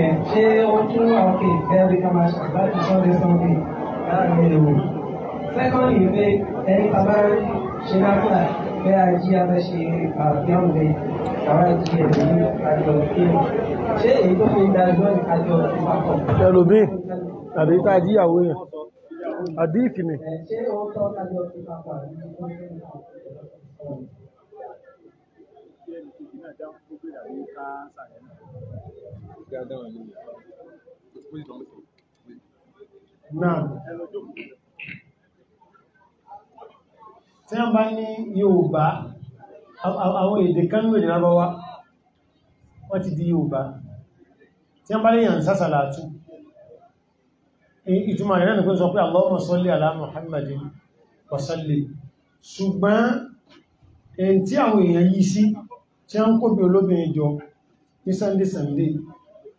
yẹn ṣé ó tún àwọn que í tẹ́lẹ̀ ká máa ṣàgbájú sunday sunday láàrin ewu. second yìí pé ẹni bàbá ṣe náfúlà pé a jí a fẹ́ ṣe àfihàn lè bàbá jí ẹ̀dẹ̀ ní àjọ kéwù. ṣé èyí tó fi dájọ́ àjọ ìpapọ̀. ẹlòmíì tàbí tá a jíyàwó yẹn àdífì ni. ṣé ó tọ́ àjọ ìpapọ̀ àti ìpapọ̀. Náà. Tí wọ́n bá ní Yorùbá, àwọn èdè kan ní èdè lábọ́wá, wọ́n ti di Yorùbá. Tí wọ́n bá lè yàn sásàlá àtú. Ìtumọ̀ rẹ̀ nìkan sọ pé Allahumma salli ala Muhammadin wa sallim. Ṣùgbọ́n, èyí tí àwọn èèyàn yìí sí, tí wọ́n kó bí olóbìnrin jọ ní Sunday Sunday,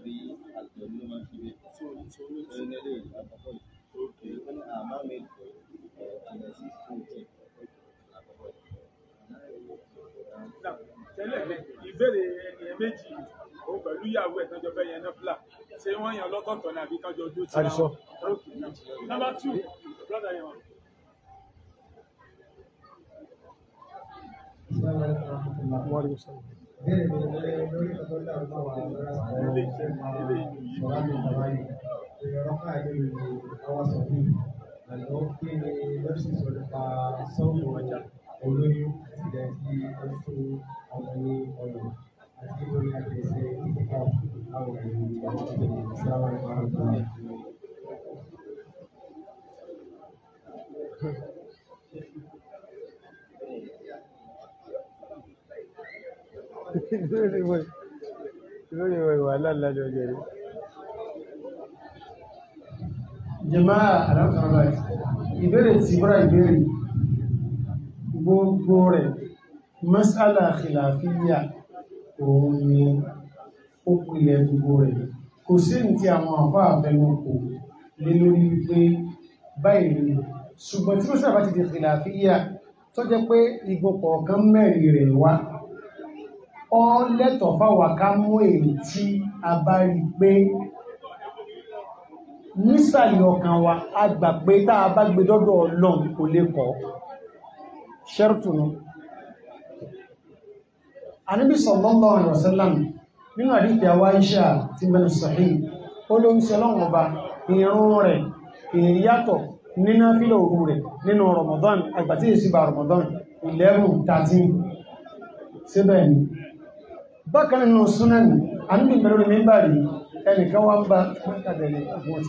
àbí àgbẹ̀lú ló máa ń fi wé. So so ló ti ní ilé àkọ́kọ́ yìí. Okay. Wọ́n ní àmọ́ mi kò àlẹ́ sí fúnjẹ àkọ́kọ́ yìí. Tẹ́lẹ̀ ní ìbéèrè ènìyàn méjì òun pẹ̀lú ìyàwó ẹ̀ tọ́jọ́ fẹ́ yẹn náà fúlà. Ṣé wọ́n yan lọ́kọ̀ọ̀kan ní àbí tọ́jọ́ ojú ti ra wọn? Number two, brother yẹn wà olóyún àti ilẹ̀ tí ó fún ọmọ ní ọyàn àti lórí àgbèsè ìfipá àwọn ènìyàn àwọn ènìyàn sí àwọn ìpàrọ̀ tó wà. lórí wàhálà lálẹ́ ọjọ́ rẹ̀. jẹmá àdákanlá ìbéèrè tí bọ́ra ìbéèrè gbogbo rẹ̀ masala khilafiyya òun ni ó pìlẹ̀ gbogbo rẹ̀ kò sí ní ti àwọn àfá àfẹnukò lé lórí wípé báyìí ni ṣùgbọ́n tí ó sábà di khilafiyya tó pé igbó kọ̀ọ̀kan mẹ́rin rẹ̀ wá ó lẹ́tọ̀ọ́ fáwa ká mú èyí tí a bá rí pé nísàlẹ̀ ọkàn wa a gbà pé tá a bá gbé dọ́dọ̀ ọlọ́run kò lè kọ́ ṣẹ́rùtù nù anábì sallallahu alaihi wasallam nínú àdíkì àwá iṣẹ́ àti mẹ́rin sàhí ó ló ọba ìrún rẹ̀ ìyàtọ̀ nínú fílẹ̀ òru rẹ̀ nínú Ramadan àgbàtí ìsìbà Ramadan 11 13 síbẹ̀ ni bákan nínú súnánì àníbì mẹ́rin mi bá rí ẹnìkan wá ń bá mẹ́tàdẹ̀lẹ̀ wọ́n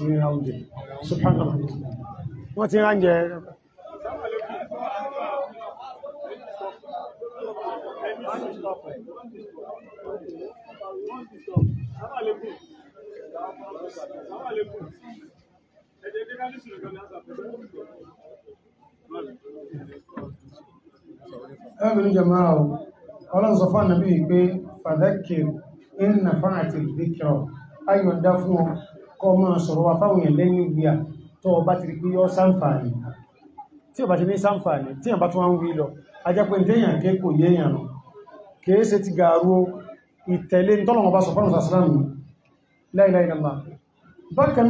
ti máa ọlọ́run sọ fún ànàbí pé fàdákìr ń nà fáàtì ìdíkìrọ̀ ayọ̀ dá fún ọ kọ́ máa sọ̀rọ̀ wa fáwọn èèyàn lẹ́yìn ìgbìyà tó o bá ti rí pé yọ sáǹfààní tí o bá ṣe ní sáǹfààní tí o bá tún wá ń wí lọ ajẹ́pẹ́ ìdẹ́yàn ké kò yéèyàn ti gàrú ìtẹ̀lé tọ́lọ̀wọ́ bá sọ fọ́nà sàṣírànù láìláìlàmà bákan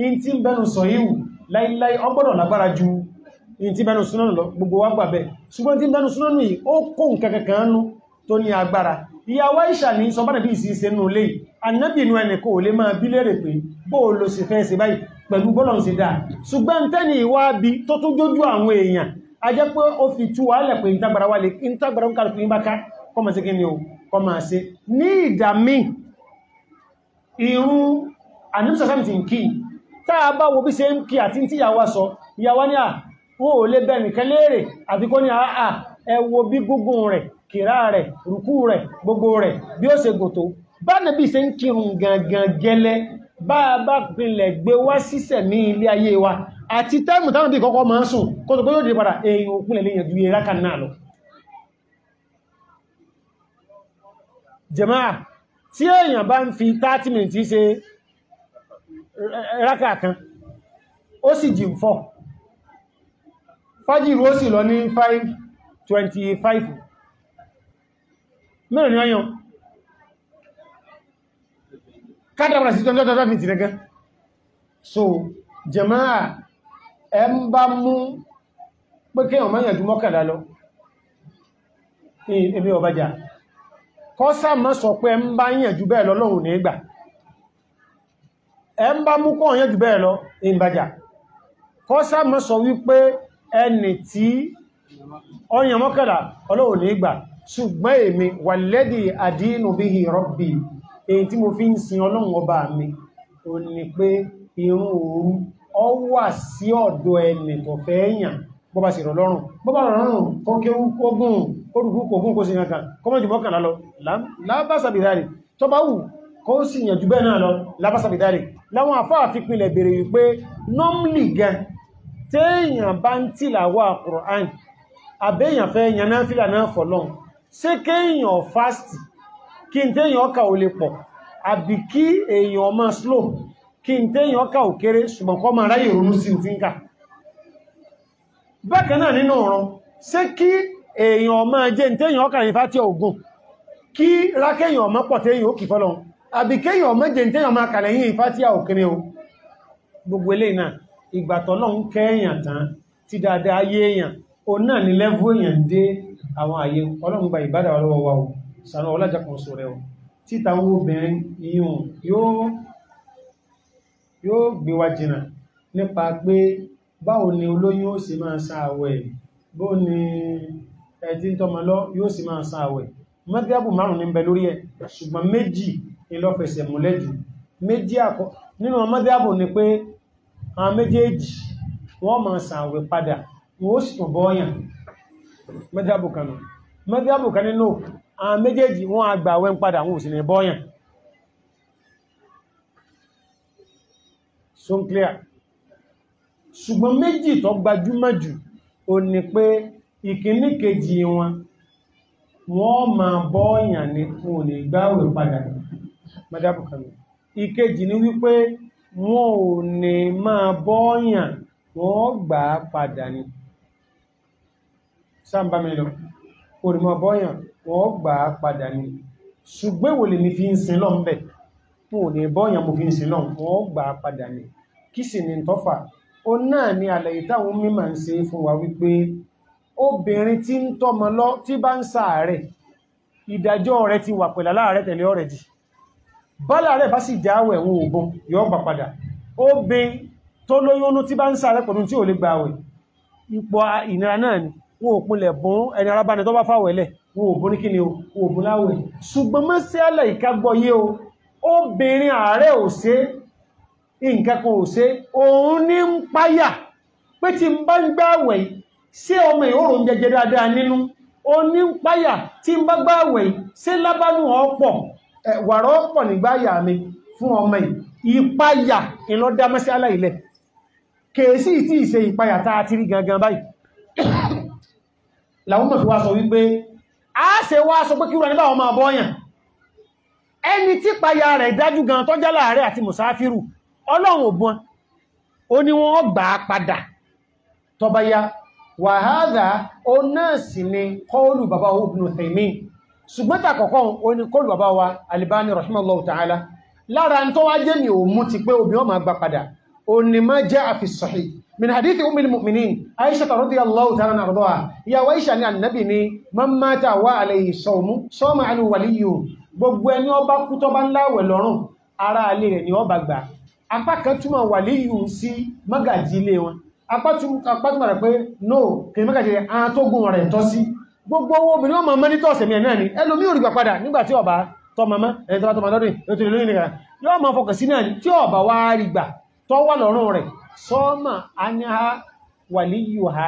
in ti bẹnu sọ ìwù láíláí ọgbọ́dọ̀ lágbára ju in ti bẹnu súnánù lọ gbogbo wa gbà bẹ́ẹ̀ ṣùgbọ́n ti bẹnu súnánù yìí ó kó nǹkan kankan nú tó ní agbára ìyàwó Àìṣà ní sọ bánàbí ìsìnṣẹ́ bí lérè lo sì fẹ́ sí báyìí pẹ̀lú bọ́lọ̀ sí dáa ṣùgbọ́n tẹ́ni ìwà bí tó tún jójú àwọn èèyàn a jẹ́ pé ó fi tú wálẹ̀ pé ìtagbàra wálẹ̀ ìtagbàra ń kàrùkù ìbáká kọmọ̀ sí kíni ń kí táà bá wo bí ṣe ń kí àti tí ìyàwó sọ ìyàwó ní à ó ò lè bẹ̀rẹ̀ nìkan léèrè àti kó ní àà ẹ wo bí gúngùn rẹ̀ kìrá rẹ̀ rùkú rẹ̀ gbogbo rẹ̀ bí ó ṣe gòtò bá nàbí ṣe ń kírun gangan gẹ́lẹ́ bá a bá pinlẹ̀ gbé wá sísẹ̀ ní ilé ayé wa àti táìmù táwọn bí kọ́kọ́ máa ń sùn kó tó pé yóò dé padà èèyàn òpinlẹ̀ lè yàn ju eré kan náà lọ jẹ̀máà tí èèyàn bá ń fi 30 minutes ṣe raka kan ó sì jì fọ́ fájìrú ó sì lọ ní 525 mẹ́rin ni ọyàn kádàbàrà sí tọ́jọ́ tìrẹ́gẹ́ so jẹmáà ẹ ń bá mú pé kí ọmọ ìyànjú mọ́kànlá lọ ní ẹbí ọbájá kọ́sà sọ pé ẹ ń bá ìyànjú bẹ́ẹ̀ lọ́lọ́run ẹ ń bá mú kọ́ ọ̀yẹ́ jù bẹ́ẹ̀ lọ ìbàjá kọ́ sáàmọ́ sọ wípé ẹni tí ọyàn mọ́kànlá ọlọ́run ní ìgbà ṣùgbọ́n èmi wà lẹ́dì àdínú bí i rọ́bì èyí tí mo fi ń sin ọlọ́run ọba mi ò ní pé irun òru ọ wà sí ọ̀dọ̀ ẹni tó fẹ́ yàn bó bá sì rọ̀ lọ́rùn bó bá rọ̀ lọ́rùn kó kí ogun orúkú kògún kó sì kankan kó mọ́ jù mọ́kànlá lọ lábásàbìdárì tó bá wù kó sì bẹ́ẹ̀ náà lọ lábásàbìdárì láwọn àfáà fi pinlẹ̀ bèèrè wípé nọ́mlì gan téèyàn bá ń tìlà wà Qur'an àbẹ́yàn fẹ́ yàn náà fìlà náà fọ̀lọ́n ṣé kéèyàn fásitì kí n téèyàn ọkà ò lè pọ̀ àbí kí èèyàn ọmọ slow kí n téèyàn ọkà ò kéré ṣùgbọ́n kọ́ máa ráyè ronú sí ti ń kà bákan náà nínú ọ̀ràn ṣé àbí kéyàn méje téyàn máa kàlẹ̀ yìí ìfátíà òkèrè o gbogbo ilé náà ìgbàtọ̀ náà ń kẹ́yàn tán ti dáadáa ayé èyàn o náà ní lẹ́fú èyàn dé àwọn àyè ọlọ́run gba ìbádà lọ́wọ́ wa o sànà ọlájàkan sọ rẹ o títa owó obìnrin yíhun yóò gbé wa jìnà nípa pé báwo ni sì máa san àwẹ̀ ni ẹ̀dín tọmọlọ́ yóò sì márùn-ún ní ń bẹ lórí ẹ̀ ṣùgbọ́n méjì ìlọ́fẹsẹ̀ múlẹ́jù méjì àkọ́ nínú ọmọdéàbò ni pé àwọn méjèèjì wọ́n máa sàwẹ̀ padà wọ́n sì tún bọ́ọ̀yàn mọ́déàbò kan nù mọ́déàbò kan nínú àwọn méjèèjì wọ́n àgbà wẹ́ ń padà wọ́n sì ní bọ́ọ̀yàn so clear ṣùgbọ́n méjì tó gbajúmọ̀ jù ó ní pé ìkíní kejì wọn wọ́n máa bọ́ọ̀yàn ní fún òní gbáwẹ̀ padà ní mọ́dábù kan ní ìkejì ni wípé wọn ò ní máa bọ́ọ̀yàn wọ́n gbà á padà ni sáàmbá mi lọ ní máa bọ́ọ̀yàn wọ́n gbà á padà ni ṣùgbọ́n èwo lèmi fi ń sin lọ́n bẹ̀ wọn ò ní bọ́ọ̀yàn mo fi ń sin lọ́n wọ́n gbà á padà ni kí sì ni tọ́fà ó náà ni àlàyé táwọn mímọ̀ ń ṣe fún wa wípé obìnrin tí ń tọ́mọ lọ tí bá ń ṣàárẹ̀ ìdájọ́ rẹ̀ ti wà pẹ̀lá láàárẹ̀ tẹ̀lé ọ̀rẹ̀ bọ́lá rẹ̀ bá sì dáwẹ̀ ẹ̀wọ̀n ogun yọ́ gbà padà ó bẹ tó lóyúnú tí bá ń sáré pẹ̀lú tí ò lè gba ipò ìnira náà ni wọn ò pinlẹ̀ bún ẹni arábáni tó bá fàwẹ̀lẹ̀ wọn ò bún ní kíni o wọn ò bún láwẹ̀ ṣùgbọ́n mọ́ sí àlẹ̀ ìkágbọ́yé o obìnrin ààrẹ ò ṣe nǹkan kan ò ṣe òun ní ń páyà pé tí n bá ń gbá ṣé ọmọ ìhòòrò ń jẹjẹ dáadáa nínú òun ní ń páyà tí n bá gbá ṣé lábánú ọ̀pọ̀ wàrọ́ ń pọ̀ nígbà àyà mi fún ọmọ yìí ìpáyà ìlọ́dá mẹ́sí aláìlẹ̀ kèèsí tí ìṣe ìpáyà tàà ti rí gangan báyìí làwọn mọ̀ fi wá sọ wípé a ṣe wá sọ pé kíwà níbà ọmọ àbọ́yàn ẹni tí páyà rẹ̀ dájú gan tó jẹ́ láàrẹ̀ àti mùsáfírù ọlọ́run ṣùgbọ́n tàkọ̀kọ́ òní kọlù bàbá wa Albani rahimahullahu ta'ala lára tó wá jẹ́ mi ò mú ti pé obì ọmọ àgbà padà òní má jẹ́ àfi sahih min hadithi umil mu'minin aisha ta radiyallahu ta'ala nardoha ya wa aisha ni annabi ni man mata wa alayhi sawmu sawma alu waliyu gbogbo ẹni ó kú tó bá ńláwẹ̀ lọ́rùn ara alẹ́ rẹ̀ ni ó gbà apá kan túmọ̀ waliyu sí mágàjí wọn apá túmọ̀ rẹ̀ pé no kìí mágàjí rẹ̀ rẹ̀ tọ́ sí gbogbo owó obìnrin ọmọ mọ́ ní tọ́ọ̀sẹ̀ mìíràn ni ẹlòmí òrìgbà padà nígbàtí ọba tọ́mọmọ́ ẹni tọ́bá tọ́mọ lọ́dún ètò ìlú ìnira yóò mọ́ fọkàn sí náà ni tí ọba wá rí gbà tọ́ wà lọ́rùn rẹ̀ sọ́ọ̀mà anyáha wàlíyù ha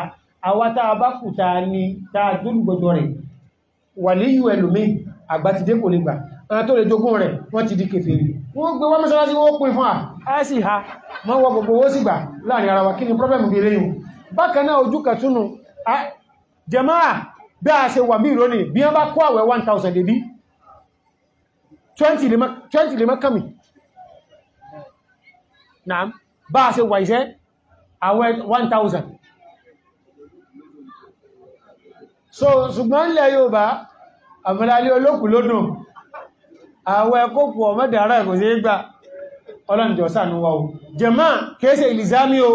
àwa tá a bá ta ni tá a dúró gbogbo rẹ̀ wàlíyù ẹlòmí àgbàtidé kò lè gbà ẹni tó lè jogún rẹ̀ wọ́n ti ha wọ́n wọ gbogbo owó sì gbà láàrin ara wa kí ni pírọ́bẹ̀mù bí eléyìí bákan náà ojú kẹtùnú jẹmáà bí a ṣe wà bí ìrónì bí wọ́n bá kó àwẹ̀ 1000 débí 20 lè mọ́kànmì náà bá a ṣe wà ìṣẹ́ àwẹ̀ 1000 so ṣùgbọ́n ilẹ̀ Yorùbá àmìlàlẹ́ olókù lódùn àwẹ̀ kókù ọmọdàrà ẹ̀kọ́ sí gbà ọlọ́njọ́ sànúwà o jẹ̀má kéèsè ìlìzámi o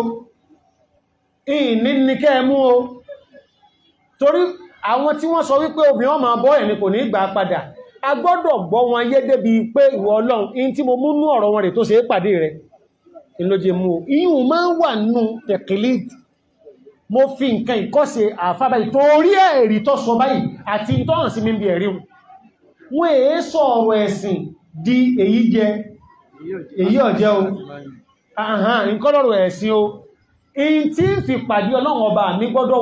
ìní ní torí àwọn tí wọ́n sọ wípé obìnrin ọmọ bọ́ ẹ̀rin kò ní ìgbà padà a gbọ́dọ̀ gbọ́ wọn yé débi pé ìwọ ọlọ́run in tí mo múnú ọ̀rọ̀ wọn rẹ̀ tó ṣe é pàdé rẹ̀ ìlóje mú o ìyún máa ń wà nù tẹ̀kìlì mo fi nǹkan ìkọ́sẹ̀ àfá báyìí torí ẹ̀rí tó sọ báyìí àti tó hàn sí mi bí ẹ̀rí wọn èé sọ ọ̀rọ̀ ẹ̀sìn di èyí jẹ èyí ọ̀jẹ́ o nǹkan lọ́rọ̀ o in tí ń fi pàdé ọlọ́run ọba mi gbọ́dọ̀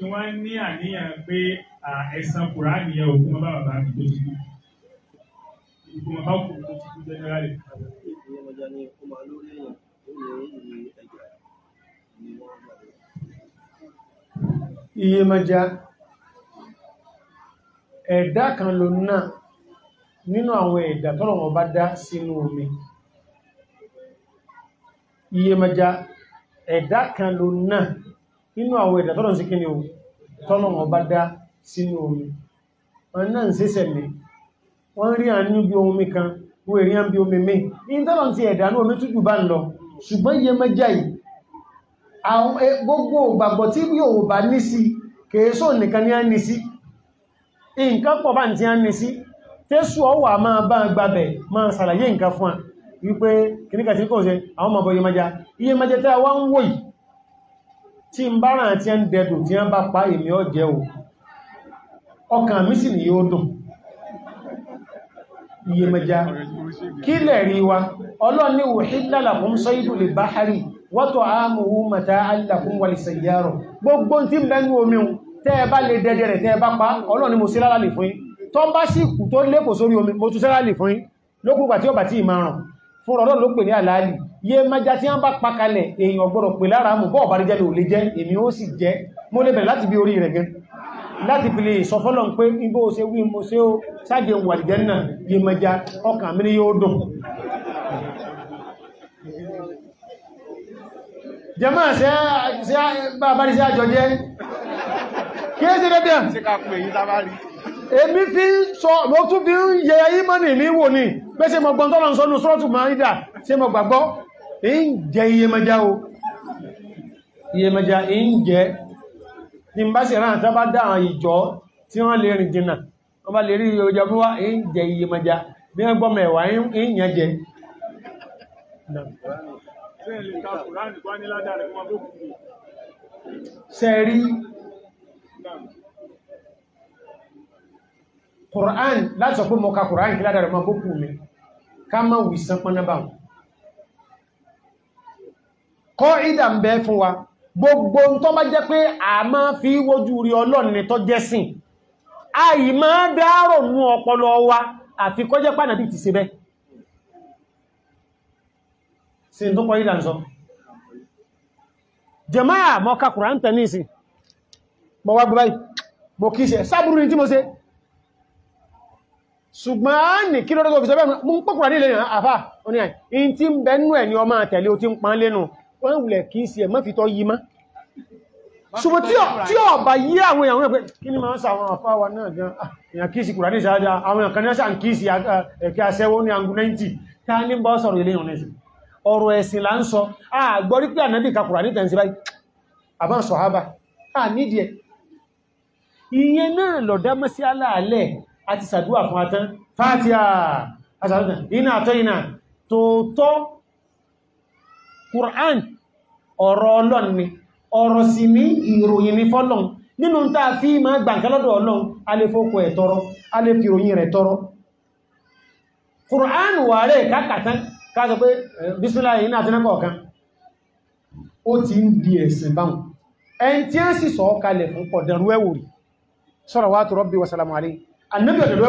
tí wọ́n ní àníyàn pé ẹ̀sán kùránì yẹn òkú wọn bá bàbá mi tó ti kú òkú wọn bá kù tó ti kú jẹ́nẹ́rálì. Iyèméjì ẹ̀dá kan ló náà nínú àwọn ẹ̀dá tọ́rọ̀ wọn bá dá sínú omi Iyèméjì ẹ̀dá kan ló náà inú àwọn ẹ̀dà tọ́lọ̀ sí kíni o tọ́lọ̀ wọn bá dá sínú omi wọn náà ń sẹ́sẹ̀ mi wọ́n rí àánú bí omi kan wọ́n rí àánú bí omi mi ní tọ́lọ̀ ti ẹ̀dà ní omi tútù bá ń lọ ṣùgbọ́n iye mẹ́jà yìí àwọn gbogbo ògbàgbọ́ tí yóò bá ní sí kèéso nìkan ní á ní sí nǹkan pọ̀ bá ń ti á ní sí tẹ́sù ọwà máa bá gbàbẹ̀ máa ṣàlàyé nǹkan fún à wípé kìníkà kò ṣe àwọn ọmọ ọmọ iye mẹ́jà iye mẹ́jà tẹ́ wá ń wòyìí tí ń bára àti ẹ́ ń dẹ̀dùn tí wọ́n bá pa èmi ọ̀jẹ́ o ọkàn mi sì ní yóò dùn iye mẹja kí lẹ̀ rí wa ọlọ́run ní wùhílàlà fún sọ́yìdù lè bá harì wọ́tọ̀ àmúhù mẹ́ta alákún wà lè sẹ̀yàrọ̀ gbogbo tí ń bẹ́nu omi tẹ́ ẹ bá lè dẹ́dẹ̀ rẹ̀ tẹ́ ẹ bá pa ọlọ́run mo sí lára lè fún yín tó bá sì kù tó lékò sórí omi mo tún sẹ́rà lè fún lókùnkà tí ó bà tí ì máa ràn fún ọlọ́run ló pè ní àlàálì yé mẹ́já tí wọ́n bá pakalẹ̀ èèyàn gbọ́dọ̀ pè lára mú bọ́ọ̀ bàrí jẹ́lẹ̀ ò lè jẹ́ èmi ó sì jẹ́ mo lè bẹ̀rẹ̀ láti bí orí rẹ̀ gẹ́ láti fi lè sọ fọ́lọ̀ pé igbó ṣe wí mo ṣe ó sáàjẹ̀ wàlìjẹ́ náà yé mẹ́já ọkàn mi ni yóò dùn jẹmọ́ sí bàbárí sí àjọ jẹ́ kí é sí dẹ́dẹ́ èmi fi sọ mo tún fi ń yẹ ayé mọ́nì mi wò ní pé ṣe mọ̀ gbọ́n tọ́lọ̀ ń sọ́nù sọ́tù máa ń dà ṣe mọ̀ ń jẹ iyemẹja o iyemẹja ń jẹ ní bá sì ránà tó bá dá àwọn ìjọ tí wọ́n lè rìn dínà wọ́n bá lè rí iyemẹja bí wá ń jẹ iyemẹja bí wọ́n gbọ́mọ̀ ẹ̀wà ń yẹn jẹ sẹ́rí Kùrán láti sọ pé mọ́ka Kùrán kí ládàrẹ̀ máa bó kù mi ká máa wìsán pọ́nà kọ́ ìdà ń bẹ fún wa gbogbo tó bá jẹ́ pé a máa fi wojú rí ọlọ́ni tó jẹ́ sìn a yìí máa dárò nú ọpọlọ wa àfi kọ́ jẹ́ pàdàbí ti ṣe bẹ́ sí tó kọ́ ìdà ń sọ jàmáà mọ́ ka Kùránì tẹ̀ ní ìsìn mọ́ ṣùgbọ́n ní kí lọ́rọ̀ tó fi sọ bẹ́ẹ̀ mú pọ́kùnrin nílẹ̀ àfà oníyàn in tí ń bẹ́nú ẹ̀ ni ọmọ àtẹ̀lé o ti ń pan lẹ́nu wọ́n wùlẹ̀ kìí sí ẹ̀mọ́ fi tọ́ yí má ṣùgbọ́n tí ọ bá yí àwọn èèyàn pé kí ni máa ń sa àwọn àfáwà náà gan ah, èèyàn kìí sí kùrà ní ìṣáájá àwọn èèyàn kan ní ṣàn kìí sí ah, ah, ẹ̀kẹ́ aṣẹ́wó ní angu 90 ká ní bọ́ sọ̀rọ̀ ilé ìrìn ẹ̀sìn ọ̀rọ̀ ẹ̀sìn là ń sọ àgbọ́rí pé ànábì ka kùrà ní tẹ̀sí báyìí àbá ń sọ hábà à nídìí ẹ̀ ìyẹn náà lọ̀dá mọ́sí aláàlẹ̀ àti sàdúà fún atán fátíà àsàdúà Qur'an ọ̀rọ̀ ọlọ́n ni ọ̀rọ̀ sí ní ìròyìn ní fọ́lọ́n nínú tá a fi máa gbàǹkẹ́ lọ́dọ̀ ọlọ́n a lè fókò rẹ̀ tọrọ Qur'an wà rẹ̀ kákàtán káàkiri pé bísmílá yìí náà tínákọ̀ kan ó ti ń di ẹ̀sìn báhùn ẹn tí a sì sọ kalẹ̀ fún pọ̀dẹ̀rú ẹ̀wòrì sọ́rọ̀ wá tó rọ́bí wasalamu alẹ́ annabi ọ̀dẹ̀rú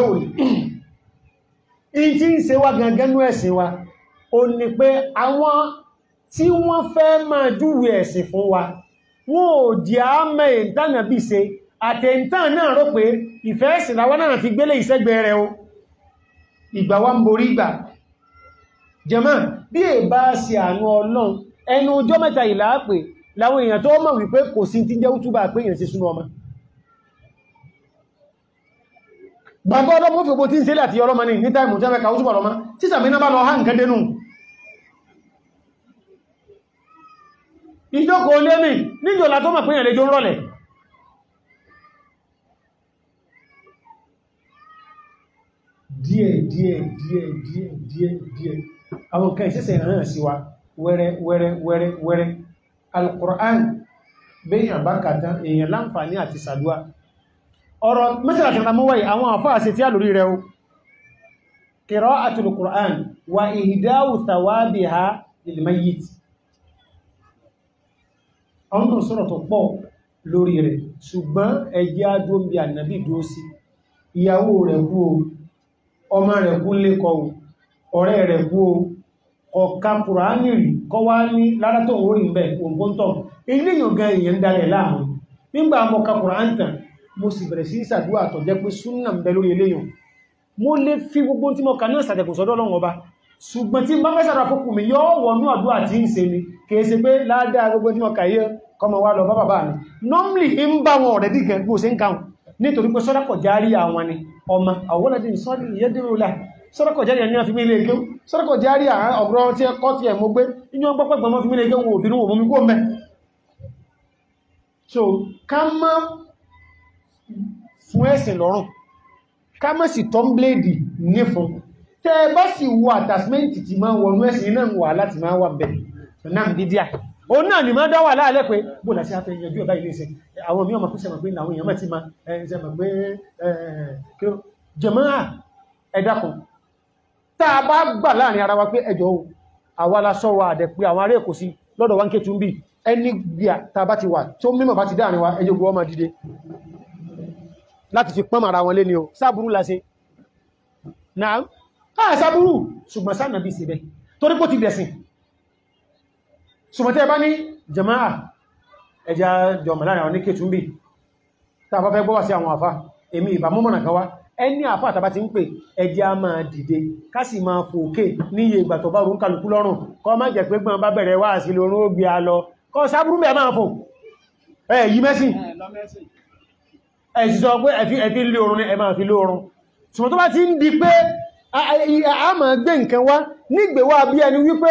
wa ó ní pé àwọn tí wọ́n fẹ́ máa júwe ẹ̀sìn fún wa wọ́n ò jẹ́ àmẹ́ ìtànà bí ṣe àtẹ̀ntàn náà rò pé ìfẹ́ ẹ̀sìn láwọn náà fi gbélé ìṣẹ́gbẹ̀ rẹ̀ o ìgbà wa ń borí ìgbà jẹ́mọ́ bí è bá ṣe àánú ọlọ́run ẹnu ọjọ́ mẹ́ta ìlàápè láwọn èèyàn tó mọ̀ wípé kò sí tí jẹ́ útúbà pé ìjókòó lémì níjòlá tó mọ̀ pé ìyàn lè jó rọ̀lẹ̀ díẹ̀ díẹ̀ díẹ̀ díẹ̀ díẹ̀ díẹ̀ àwọn nǹkan ìṣẹ́sẹ̀ ìrànà sí wa wẹ́rẹ́ wẹ́rẹ́ wẹ́rẹ́ wẹ́rẹ́ Al-Qur'an bẹ́yàn bá kàtà èèyàn láǹfààní àwọn náà sọ̀rọ̀ tó pọ̀ lórí rẹ̀ ṣùgbọ́n ẹ̀yẹ́ adóbi ànábì dúró sí ìyàwó rẹ̀ kú o ọmọ rẹ̀ kú lé o ọ̀rẹ́ rẹ̀ kú o ọ̀ka kùránì rí kọ́ wá ní lára tó ń rí bẹ́ẹ̀ òǹkó ń tọ̀ eléyìí ọ̀gá èèyàn dalẹ̀ láàmú nígbà mo ka kùránì tàn mo sì bẹ̀rẹ̀ sí ìsàdúrà tó jẹ́ pé súnà ń bẹ lórí eléyìí mo lè fi ṣùgbọ́n tí bá fẹ́ sàrà fún yọ́ wọnú àdúrà tí ń ṣe ni pé ládàá gbogbo tí mo kà kọmọ wá lọ bá bàbá mi normally ń bá wọn ọ̀rẹ́dì gan bó ṣe ń kàun nítorí pé sọ́dọ̀kọ̀ járí àwọn ni ọmọ àwọ́lẹ́dì sọ́dì yẹ́dìrúlà sọ́dọ̀kọ̀ járí àwọn fi mílẹ̀ ẹgbẹ́ sọ́dọ̀kọ̀ járí àwọn ọ̀rọ̀ tí ẹkọ́ ti ẹ̀mọ́ gbé inú ọgbọ́ pẹ̀gbọ́n so ká má fún ẹ̀sìn lọ́rùn ká má sì tọ́ bléèdì ní fún tẹ́ bá sì wo àtàsímẹ́ǹtì ti máa wọnú ẹ̀sìn náà wà láti máa wà bẹ̀ náà dídíà òun náà ni máa dá wà pé bó lásí afẹ́ ìyànjú ọ̀dá ilé iṣẹ́ àwọn mí ọmọ pín pé àwọn èèyàn mẹ́tí máa ẹ̀ẹ́sẹ̀mọ̀ pé jẹ̀mọ́à ẹ̀dàkùn tá a bá gbà láàrin ara wa pé ẹjọ́ àwa la sọ wa àdẹ̀ pé àwọn ará èkó sí lọ́dọ̀ wá ń kétù ń bì ẹni gbìyà tá a bá ti wà tó mímọ̀ bá ti dáàrin wa ẹjọ́ gbọ́ máa dìde láti fi pọ́n ara wọn lé ni o sábúrú la ṣe náà sábúrú ṣùgbọ́n sáà nàbí sùmọ̀tẹ́ bá ní jama'a ẹja jọmọ̀ láàrin àwọn ní kẹtùnbì tá a bá fẹ́ gbọ́wà sí àwọn àfá èmi ìbámọ́mọ̀nà kan wá ẹni àfá àtàbá ti ń pè ẹja máa dìde kásì máa fòkè ní iye ìgbà tó bá rún kálukú lọ́rùn kọ́ má jẹ́ pé gbọ́n bá bẹ̀rẹ̀ wá sí lórún ó gbé a lọ kọ́ sábúrú bẹ̀ máa fò ẹ yí mẹ́sìn ẹ sì sọ pé ẹ fi lé orun ni ẹ máa fi lé orun ṣùgbọ́n tó bá ti ń di pé a máa gbé nǹkan wá nígbèwà bí ẹni wípé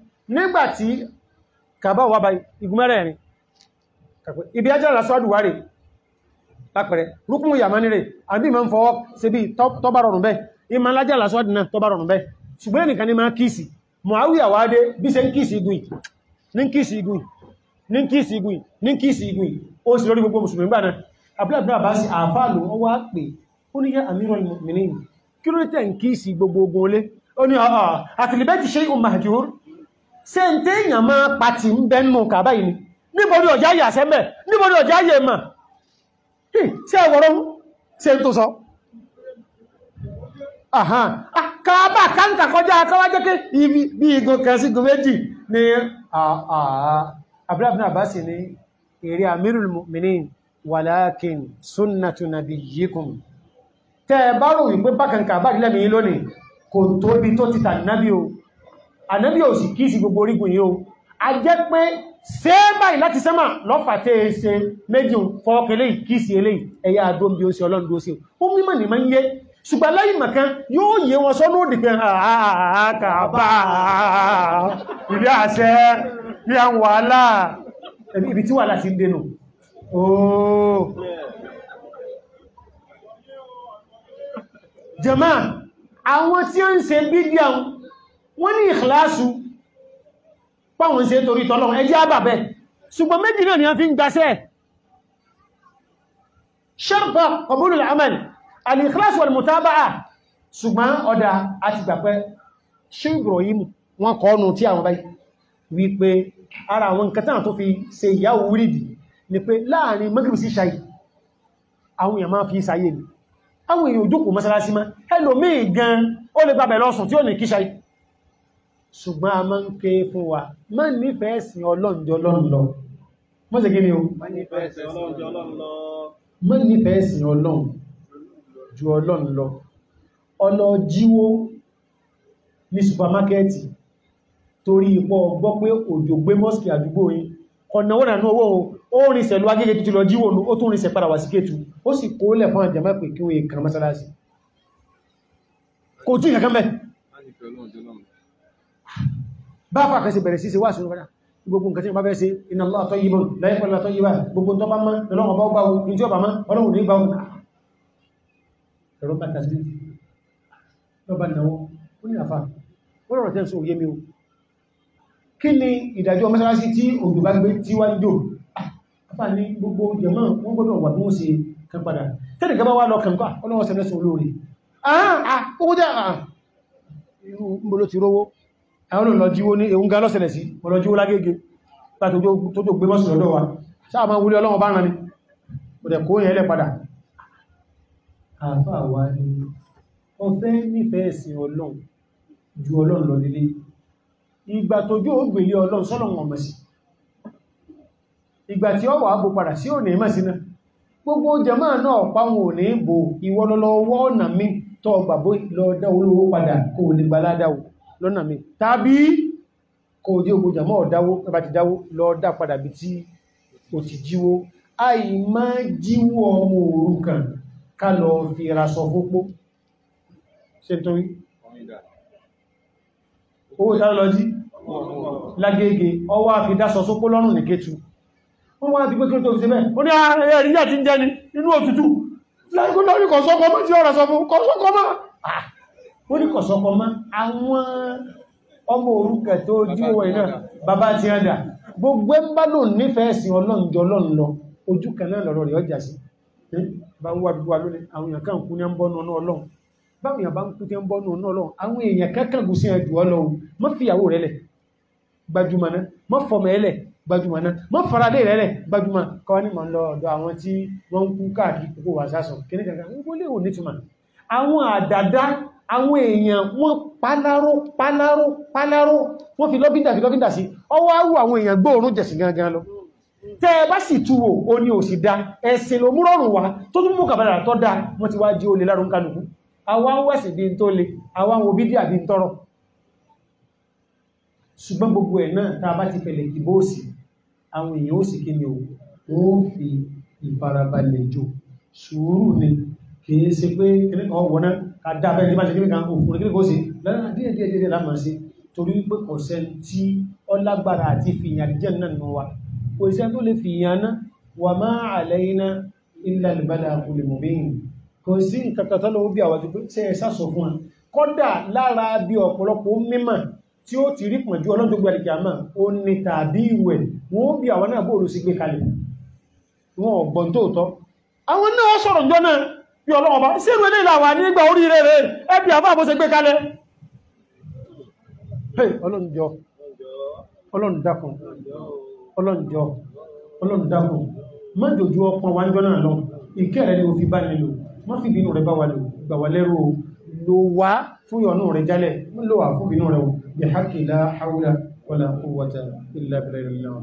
nígbàtí kàbá wà báyìí igúnmẹ́rẹ̀ rìn ibi ajára sọ́dùwà rẹ̀ lápẹẹrẹ rúkún yàmání rẹ̀ àbí ma ń fọwọ́ sí bí tọ́bà rọrùn bẹ́ ìmá lájára sọ́dù náà tọ́bà rọrùn bẹ́ ṣùgbọ́n nìkan ni ma kíìsì Muawiya wá dé bí ṣe ń kíìsì igun ní kíìsì igun ní kíìsì igun ní kíìsì igun ó sì lórí gbogbo mùsùlùmí gbà náà abúlábúlá bá sí àfáà lò Amirul Mu'minin kí ló tẹ̀ ń kíìsì gbogbo ogun olé ó ní àtìlẹ́bẹ́ ti ṣe ṣe ń tẹ́ èèyàn máa pàtì ń bẹ́ nù kàbá yìí ni níbo ni ọ̀já yà sẹ́mẹ̀ níbo ni ọ̀já yẹ mà ṣe ẹ̀wọ̀rọ̀ ṣe ń tó sọ ah, kàbá káńkà kọjá akáwá jẹ́ pé ibi igun kan sí igun méjì ni abúlábùnà bá sì ní èrè amirul mu'minin walakin sunnatu nabiyyikum tẹ́ bá rò wípé bákan kàbá ìlẹ́mìí lónìí kò tóbi tó ti tà nábì o ànábì ò sì kí sí gbogbo orígun yìí o a jẹ́ pé ṣe báyìí láti sẹ́mà lọ́fàtẹ́ ṣe méjì fọ́ọ̀kẹ́lẹ́ kí sí eléyìí ẹ̀yà àdóbi ó sí ọlọ́run dó sí o mímọ̀ ní máa ń yé ṣùgbọ́n lẹ́yìn mọ̀kan yóò yé wọn sọ́nà òdì pé àkàbà ìrí àṣẹ bí a ń wàhálà ibi tí wàhálà ti ń dénú ooo jẹ́mà àwọn tí ó ń ṣe bídíà wọ́n ní ìkìláàsù páwọn ṣe torí tọ́lọ́run ẹjẹ́ àbàbẹ̀ ṣùgbọ́n méjì náà ni wọ́n fi ń gbaṣẹ́ ṣẹ́rùpá ọbúrùlẹ̀ amẹ́lì alìkìláàsù alìmùtábàá ṣùgbọ́n ọ̀dà àti gbàpẹ́ ṣe Ibrahim wọ́n kọ́ ara àwọn nǹkan tán tó fi ṣe ìyàwó wúrídì ni pé láàrin mọ́gírì sí ṣayì àwọn èèyàn máa fi ṣayé ni àwọn èèyàn òjòkó mọ́sálásí mọ́ ẹlòmíì lè gbàbẹ̀ lọ́sùn tí ó ní kí ṣayì ṣùgbọ́n a máa ń ké fún wa má nífẹ̀ẹ́ sí ọlọ́njọ́ lọ́rùn lọ mọ́ sí gíní o má nífẹ̀ẹ́ sí ọlọ́njọ́ lọ́rùn lọ má nífẹ̀ẹ́ sí ọlọ́run ju ọlọ́run lọ ọlọ jíwó ní supermarketi torí ipò gbọ́ pé òjò gbé mọ́sìkì àdúgbò yìí ọ̀nà wọ́n nà owó ó rìn sẹ̀lú agége tuntun lọ jíwó ó tún rìn padà wà sí kétu ó sì kó lẹ̀ fún àjẹmọ́ pé kí wọ́n èkàn mọ́sálásì kò tí ìkàkán bá fà kẹsì bẹ̀rẹ̀ sí ṣe wà sínú padà gbogbo nǹkan tí wọ́n bá fẹ́ ṣe iná lọ́wọ́ tó yíbọn lẹ́yìn pẹ̀lú àtọ́ yíbá gbogbo tó bá mọ́ lọ́wọ́ bá gbáwó ní tí ó bá mọ́ ọlọ́run ní gbáwó ẹ̀rọ bá tàbí lọ́bà náwó ó ní àfà ó lọ́rọ̀ tẹ́sùn òye mi ni ìdájọ́ mẹ́sàlásí tí òjò bá gbé tí wá ń jò àfà ní gbogbo jẹ̀mọ́ wọ́n gbọ́dọ̀ wà ah, ah ah ó dá ah irú mbolo àwọn olùlọ́jíwó ní ewu ń ga lọ́sẹ̀lẹ̀ sí ọlọ́jíwó lágége tó tó gbé mọ́sí lọ́dọ̀ wa sáà máa wúlé ọlọ́wọ́ bá rán ní ọ̀dẹ̀ kó yẹn lẹ́ padà ni ọfẹ́ nífẹ̀ẹ́ ẹ̀sìn ọlọ́run ju ọlọ́run lọ nílé ìgbà tójú ó gbèlé ọlọ́run sọ́lọ̀wọ̀n ọmọ sí ìgbà tí ó wà á bò padà sí òní mọ̀ sí náà gbogbo jẹmọ́ náà páwọn òní bò ìwọ́lọ́lọ́wọ́ ọ̀nà mi tọ́ gbàgbó lọ́ọ́dá olówó padà kò lè gbaládáwò lọ́nà mi tàbí kò dé ogun jàmọ́ ọ̀dáwó ẹbá ti dáwó lọ dá padà bí tí o ti jíwó àì má jíwó ọmọ òrukàn ká lọ fi ra sọ pópó ṣe tó rí owó ìtàrí lọ jí lágége ọwọ́ àfi dá sọ sópó lọ́rùn ní kétu wọ́n wá ti pé kí ló tó fi ṣe bẹ́ẹ̀ ó ní ààrẹ ah, ẹ̀rí yà ti ń jẹ́ ni inú òtútù láìkú lọ́rí kọ̀ọ̀sọ́kọ́ mọ́ sí ó ní kọ̀sọ́kọ́ mọ́ àwọn ọmọ orúkẹ tó díwọ̀ iná bàbá ti ń dà gbogbo ń bá lòun nífẹ̀ẹ́ sí ọlọ́njọ́ lọ́n lọ ojú kan náà lọ́rọ̀ rẹ̀ ọjà sí bá ń wá gbogbo alóni àwọn èèyàn kan kú ní ń bọ́nu ọ̀nà ọlọ́run báwọn èèyàn bá ń kú ní ń bọ́nu ọ̀nà ọlọ́run àwọn èèyàn kankan gùn sí ẹ jù ọ lọ mọ́ fìyàwó rẹ̀ lẹ̀ gbajúmọ̀ náà mọ́ fọmọ ẹ lẹ̀ gbajúmọ̀ náà àwọn tí wọ́n kú káàkiri kókó wà sásọ kíní kankan ń gbólé àwọn àdàdá àwọn èèyàn wọ́n pálárò pálárò pálárò wọ́n fi lọ́bíndà fi lọ́bíndà sí ọwọ́ áwù àwọn èèyàn gbóòrùn jẹ̀sì gangan lọ tẹ́ ẹ bá sì túwò o ní òsì dá ẹ̀sìn ló mú rọrùn wá tó tún mú kàbàdà tó dá wọ́n ti wá jí olè lárùn kálukú àwọn le àwọn ni o wọ́n fi ìfarabalẹ̀ kàdá abẹ́ ní máṣe kíríkan òfin kíríkan ó sì lọ́nà díẹ̀ díẹ̀ díẹ̀ lámà sí torí wípé ọ̀sẹ̀ tí ó lágbára àti fìyàn àdìjẹ́ náà nù wa kò sí tó lè fìyàn náà wà máa àlẹ́yìnà ilẹ̀ àlùbálà àkùlẹ̀ mọ̀bíyìn kò sí nǹkan kan tó lọ́wọ́ bí àwọn ti pé ṣe é sàṣọ fún wa kódà lára bí ọ̀pọ̀lọpọ̀ mímọ̀ tí ó ti rí pọ̀jú ọlọ́dún gbà bí ọlọ́wọ́n bá sínú ilé ìlàwà nígbà orí rẹ̀ rẹ̀ ẹbí àbá bó ṣe gbé kalẹ̀ ọlọ́njọ́ ọlọ́ndakùn ọlọ́njọ́ ọlọ́ndakùn mọ́jòjú ọpọn wa ń jọ́nà lọ ìkẹ́ rẹ̀ ni mo fi bá nílò wọ́n fi bínú rẹ̀ bá wà lò gbà wà lẹ́rù o lò wá fúyọ̀nù rẹ̀ jálẹ̀ ń lò wá fún bínú rẹ̀ o bí hákìlá haúlá wala quwwata illa billah